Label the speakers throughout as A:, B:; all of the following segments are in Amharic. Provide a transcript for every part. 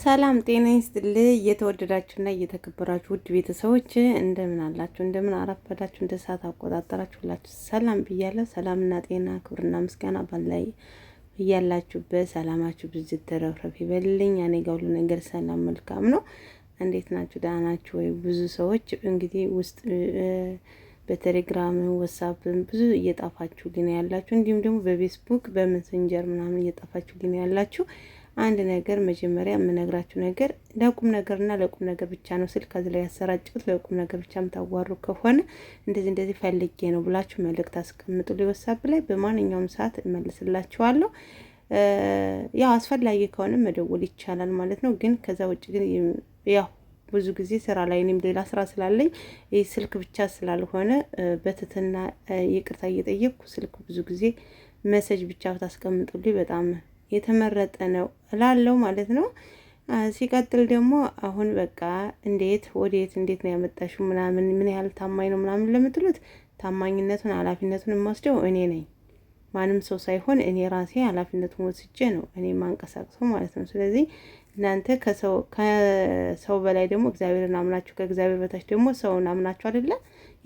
A: ሰላም ጤና ይስጥልህ። እየተወደዳችሁና እየተከበራችሁ ውድ ቤተሰቦች እንደምን አላችሁ? እንደምን አረፈዳችሁ? እንደ ሰዓት አቆጣጠራችሁላችሁ ሰላም ብያለሁ። ሰላምና ጤና ክብርና ምስጋና ባላይ እያላችሁበት ሰላማችሁ ብዙ ተረፍረፍ ይበልልኝ። እኔ ጋር ሁሉ ነገር ሰላም መልካም ነው። እንዴት ናችሁ? ደህና ናችሁ ወይ? ብዙ ሰዎች እንግዲህ ውስጥ በቴሌግራም ወሳፕም ብዙ እየጣፋችሁ ግን ያላችሁ እንዲሁም ደግሞ በፌስቡክ በመሰንጀር ምናምን እየጣፋችሁ ግን ያላችሁ አንድ ነገር መጀመሪያ የምነግራችሁ ነገር ለቁም ነገርና ለቁም ነገር ብቻ ነው። ስልክ ከዚህ ላይ ያሰራጭኩት ለቁም ነገር ብቻ የምታዋሩ ከሆነ እንደዚህ እንደዚህ ፈልጌ ነው ብላችሁ መልእክት አስቀምጡ። ሊወሳብ ላይ በማንኛውም ሰዓት እመልስላችኋለሁ። ያው አስፈላጊ ከሆነ መደወል ይቻላል ማለት ነው። ግን ከዛ ውጭ ግን ያው ብዙ ጊዜ ስራ ላይ እኔም ሌላ ስራ ስላለኝ ይህ ስልክ ብቻ ስላልሆነ በትትና ይቅርታ እየጠየቅኩ ስልክ ብዙ ጊዜ መሰጅ ብቻ ብታስቀምጡልኝ በጣም የተመረጠ ነው እላለው ማለት ነው። ሲቀጥል ደግሞ አሁን በቃ እንዴት ወዴት እንዴት ነው ያመጣሽው ምናምን ምን ያህል ታማኝ ነው ምናምን ለምትሉት ታማኝነቱን ኃላፊነቱን የማስደው እኔ ነኝ። ማንም ሰው ሳይሆን እኔ ራሴ ኃላፊነቱን ወስጄ ነው እኔ ማንቀሳቅሰው ማለት ነው። ስለዚህ እናንተ ከሰው በላይ ደግሞ እግዚአብሔርን አምናችሁ ከእግዚአብሔር በታች ደግሞ ሰውን አምናችሁ አይደለ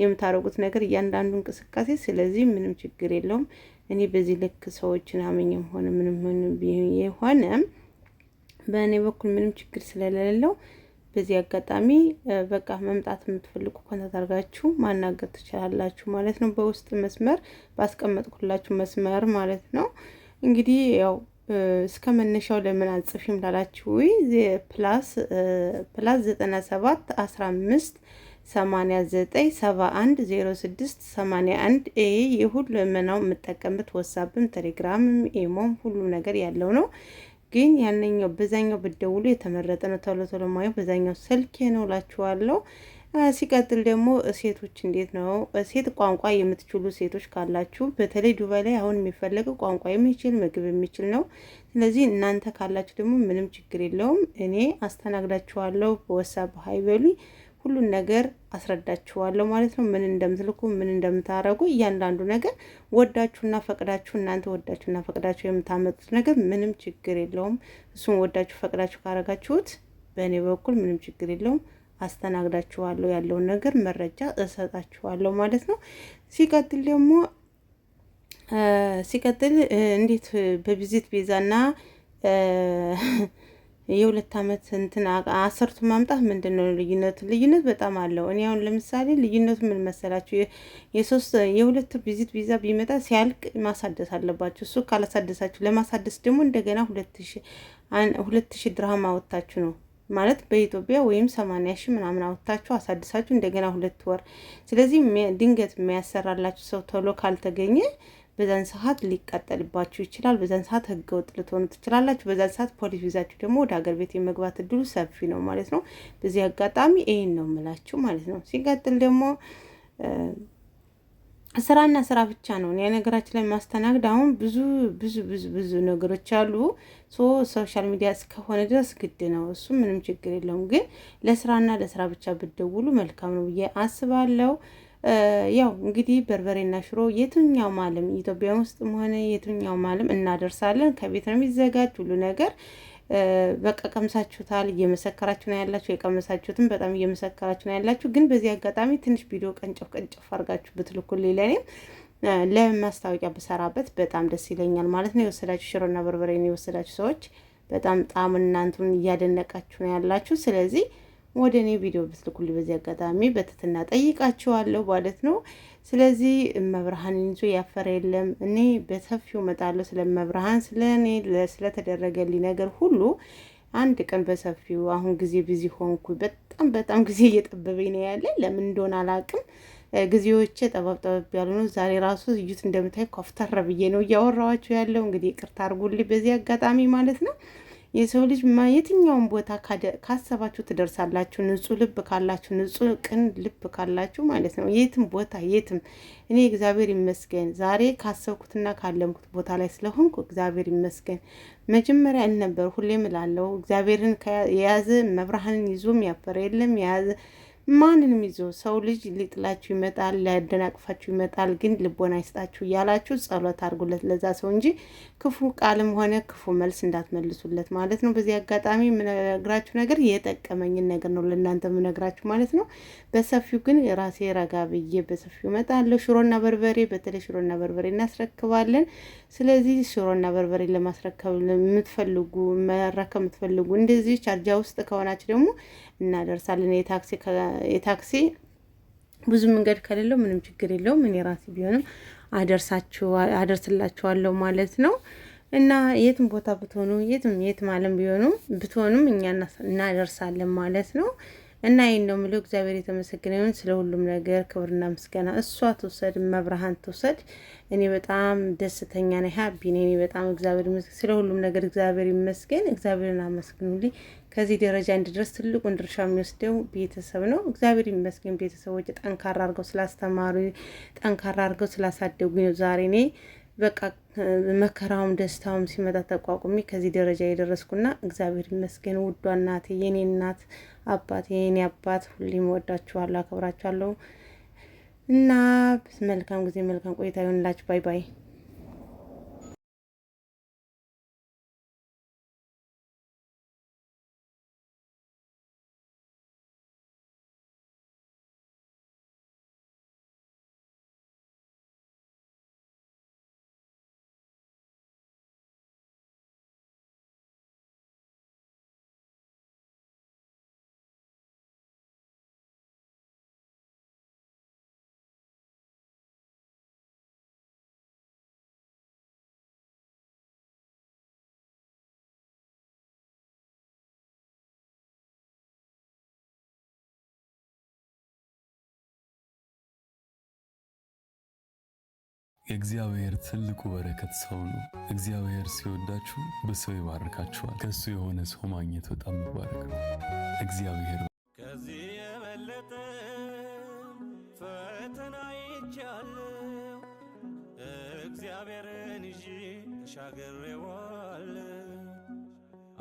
A: የምታረጉት ነገር እያንዳንዱ እንቅስቃሴ። ስለዚህ ምንም ችግር የለውም። እኔ በዚህ ልክ ሰዎችን አመኝም ሆነ ምንም ምን የሆነ በእኔ በኩል ምንም ችግር ስለሌለው በዚህ አጋጣሚ በቃ መምጣት የምትፈልጉ ኮንታት አድርጋችሁ ማናገር ትችላላችሁ ማለት ነው። በውስጥ መስመር ባስቀመጥኩላችሁ መስመር ማለት ነው። እንግዲህ ያው እስከ መነሻው ለምን አጽፊም ላላችሁ ፕላስ ፕላስ ዘጠና ሰባት አስራ አምስት 89 71 06 81 ኤ የምጠቀምበት ወሳብም ቴሌግራምም ኢሞም ሁሉም ነገር ያለው ነው። ግን ያነኛው በዛኛው ብደውሉ የተመረጠ ነው። ቶሎ ቶሎ በዛኛው ስልኬ ነው ላችኋለሁ። ሲቀጥል ደግሞ ሴቶች እንዴት ነው ሴት ቋንቋ የምትችሉ ሴቶች ካላችሁ በተለይ ዱባይ ላይ አሁን የሚፈለገው ቋንቋ የሚችል ምግብ የሚችል ነው። ስለዚህ እናንተ ካላችሁ ደግሞ ምንም ችግር የለውም። እኔ አስተናግዳችኋለሁ። በወሳብ ሀይበሉኝ ሁሉን ነገር አስረዳችኋለሁ ማለት ነው። ምን እንደምትልኩ ምን እንደምታረጉ እያንዳንዱ ነገር ወዳችሁና ፈቅዳችሁ እናንተ ወዳችሁና ፈቅዳችሁ የምታመጡት ነገር ምንም ችግር የለውም። እሱም ወዳችሁ ፈቅዳችሁ ካረጋችሁት በእኔ በኩል ምንም ችግር የለውም። አስተናግዳችኋለሁ ያለውን ነገር መረጃ እሰጣችኋለሁ ማለት ነው። ሲቀጥል ደግሞ ሲቀጥል እንዴት በቪዚት ቤዛና የሁለት ዓመት እንትን አሰርቱ ማምጣት ምንድን ነው ልዩነቱ? ልዩነት በጣም አለው። እኔ አሁን ለምሳሌ ልዩነቱ ምን መሰላችሁ? የሶስት የሁለት ቪዚት ቪዛ ቢመጣ ሲያልቅ ማሳደስ አለባችሁ። እሱ ካላሳደሳችሁ ለማሳደስ ደግሞ እንደገና ሁለት ሺ ድርሃም አወጥታችሁ ነው ማለት በኢትዮጵያ ወይም ሰማንያ ሺ ምናምን አወጥታችሁ አሳድሳችሁ እንደገና ሁለት ወር። ስለዚህ ድንገት የሚያሰራላችሁ ሰው ቶሎ ካልተገኘ በዛን ሰዓት ሊቃጠልባችሁ ይችላል። በዛን ሰዓት ህገ ወጥ ልትሆኑ ትችላላችሁ። በዛን ሰዓት ፖሊስ ይዛችሁ ደግሞ ወደ ሀገር ቤት የመግባት እድሉ ሰፊ ነው ማለት ነው። በዚህ አጋጣሚ ይህን ነው ምላችሁ ማለት ነው። ሲቀጥል ደግሞ ስራና ስራ ብቻ ነው። የነገራችን ላይ ማስተናግድ አሁን ብዙ ብዙ ብዙ ብዙ ነገሮች አሉ። ሶሻል ሚዲያ እስከሆነ ድረስ ግድ ነው፣ እሱ ምንም ችግር የለውም። ግን ለስራና ለስራ ብቻ ብደውሉ መልካም ነው ብዬ አስባለሁ። ያው እንግዲህ በርበሬና ሽሮ የትኛውም ማለም ኢትዮጵያ ውስጥ ሆነ የትኛውም ማለም እናደርሳለን። ከቤት ነው የሚዘጋጅ ሁሉ ነገር። በቃ ቀምሳችሁታል፣ እየመሰከራችሁ ነው ያላችሁ። የቀመሳችሁትም በጣም እየመሰከራችሁ ነው ያላችሁ። ግን በዚህ አጋጣሚ ትንሽ ቪዲዮ ቀንጨፍ ቀንጨፍ አድርጋችሁ ብትልኩልኝ ለእኔም ለማስታወቂያ ብሰራበት በጣም ደስ ይለኛል ማለት ነው። የወሰዳችሁ ሽሮና ነው የወሰዳችሁ ሰዎች በጣም ጣም እናንቱን እያደነቃችሁ ነው ያላችሁ። ስለዚህ ወደ እኔ ቪዲዮ ብትልኩልኝ በዚህ አጋጣሚ በትትና ጠይቃችኋለሁ ማለት ነው። ስለዚህ መብርሃን እንጂ ያፈረ የለም። እኔ በሰፊው መጣለሁ ስለ መብርሃን፣ ስለ እኔ ስለተደረገልኝ ነገር ሁሉ አንድ ቀን በሰፊው አሁን ጊዜ ብዙ ሆንኩ። በጣም በጣም ጊዜ እየጠበበኝ ነው ያለ ለምን እንደሆነ አላውቅም። ጊዜዎቼ ጠበብ ጠበብ ያሉ ነው። ዛሬ ራሱ እዩት እንደምታይ ኮፍተር ብዬ ነው እያወራኋችሁ ያለው። እንግዲህ ቅርታ አድርጉልኝ በዚህ አጋጣሚ ማለት ነው። የሰው ልጅ የትኛውን ቦታ ካሰባችሁ ትደርሳላችሁ። ንጹህ ልብ ካላችሁ፣ ንጹህ ቅን ልብ ካላችሁ ማለት ነው። የትም ቦታ የትም እኔ እግዚአብሔር ይመስገን ዛሬ ካሰብኩትና ካለምኩት ቦታ ላይ ስለሆንኩ እግዚአብሔር ይመስገን። መጀመሪያ እልነበሩ ሁሌም እላለሁ እግዚአብሔርን የያዘ መብርሃንን ይዞም ያፈረ የለም የያዘ ማንንም ይዞ ሰው ልጅ ሊጥላችሁ ይመጣል፣ ሊያደናቅፋችሁ ይመጣል። ግን ልቦና ይስጣችሁ እያላችሁ ጸሎት አድርጉለት ለዛ ሰው እንጂ ክፉ ቃልም ሆነ ክፉ መልስ እንዳትመልሱለት ማለት ነው። በዚህ አጋጣሚ የምነግራችሁ ነገር የጠቀመኝን ነገር ነው ለእናንተ የምነግራችሁ ማለት ነው። በሰፊው ግን ራሴ ረጋ ብዬ በሰፊው እመጣለሁ። ሽሮና በርበሬ በተለይ ሽሮና በርበሬ እናስረክባለን። ስለዚህ ሽሮና በርበሬ ለማስረከብ የምትፈልጉ መረከብ የምትፈልጉ እንደዚህ ቻርጃ ውስጥ ከሆናችሁ ደግሞ እናደርሳለን የታክሲ የታክሲ ብዙ መንገድ ከሌለው ምንም ችግር የለውም። እኔ ራሴ ቢሆንም አደርስላችኋለሁ ማለት ነው። እና የትም ቦታ ብትሆኑ የትም የትም ዓለም ቢሆኑ ብትሆኑም እኛ እናደርሳለን ማለት ነው። እና ይህን ነው የምለው። እግዚአብሔር የተመሰገነ ይሁን ስለ ሁሉም ነገር ክብርና ምስጋና እሷ ትውሰድ፣ መብርሃን ትውሰድ። እኔ በጣም ደስተኛ ነኝ፣ ሀቢ ነኝ። በጣም እግዚአብሔር ይመስገን ስለ ሁሉም ነገር እግዚአብሔር ይመስገን። እግዚአብሔርን አመስግኑልኝ። ከዚህ ደረጃ እንድደርስ ትልቁን ድርሻ የሚወስደው ቤተሰብ ነው። እግዚአብሔር ይመስገን ቤተሰቦች ጠንካራ አድርገው ስላስተማሩ፣ ጠንካራ አድርገው ስላሳደጉ ነው ዛሬ እኔ በቃ መከራውም ደስታውም ሲመጣ ተቋቁሚ ከዚህ ደረጃ የደረስኩና እግዚአብሔር ይመስገን። ውዷ እናት የኔ እናት፣ አባት፣ የኔ አባት ሁሌም ወዳችኋለሁ፣ አከብራችኋለሁ እና መልካም ጊዜ መልካም ቆይታ ይሆንላችሁ። ባይ ባይ። የእግዚአብሔር ትልቁ በረከት ሰው ነው። እግዚአብሔር ሲወዳችሁ በሰው ይባርካችኋል። ከእሱ የሆነ ሰው ማግኘት በጣም መባረክ ነው። እግዚአብሔር ከዚህ የበለጠ ፈተና ይቻለው እግዚአብሔርን ይዤ ተሻገሬዋል።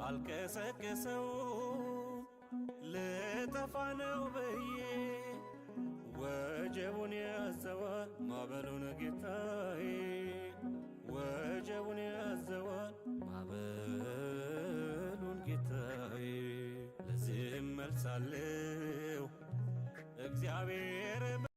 A: አልቀሰቀሰው ለጠፋነው ነው ወጀቡን ያዘዋል በሉን ጌታዬ ወጀቡን ያዘዋል ማበሉን ጌታዬ ለዚህም መልሳለው እግዚአብሔር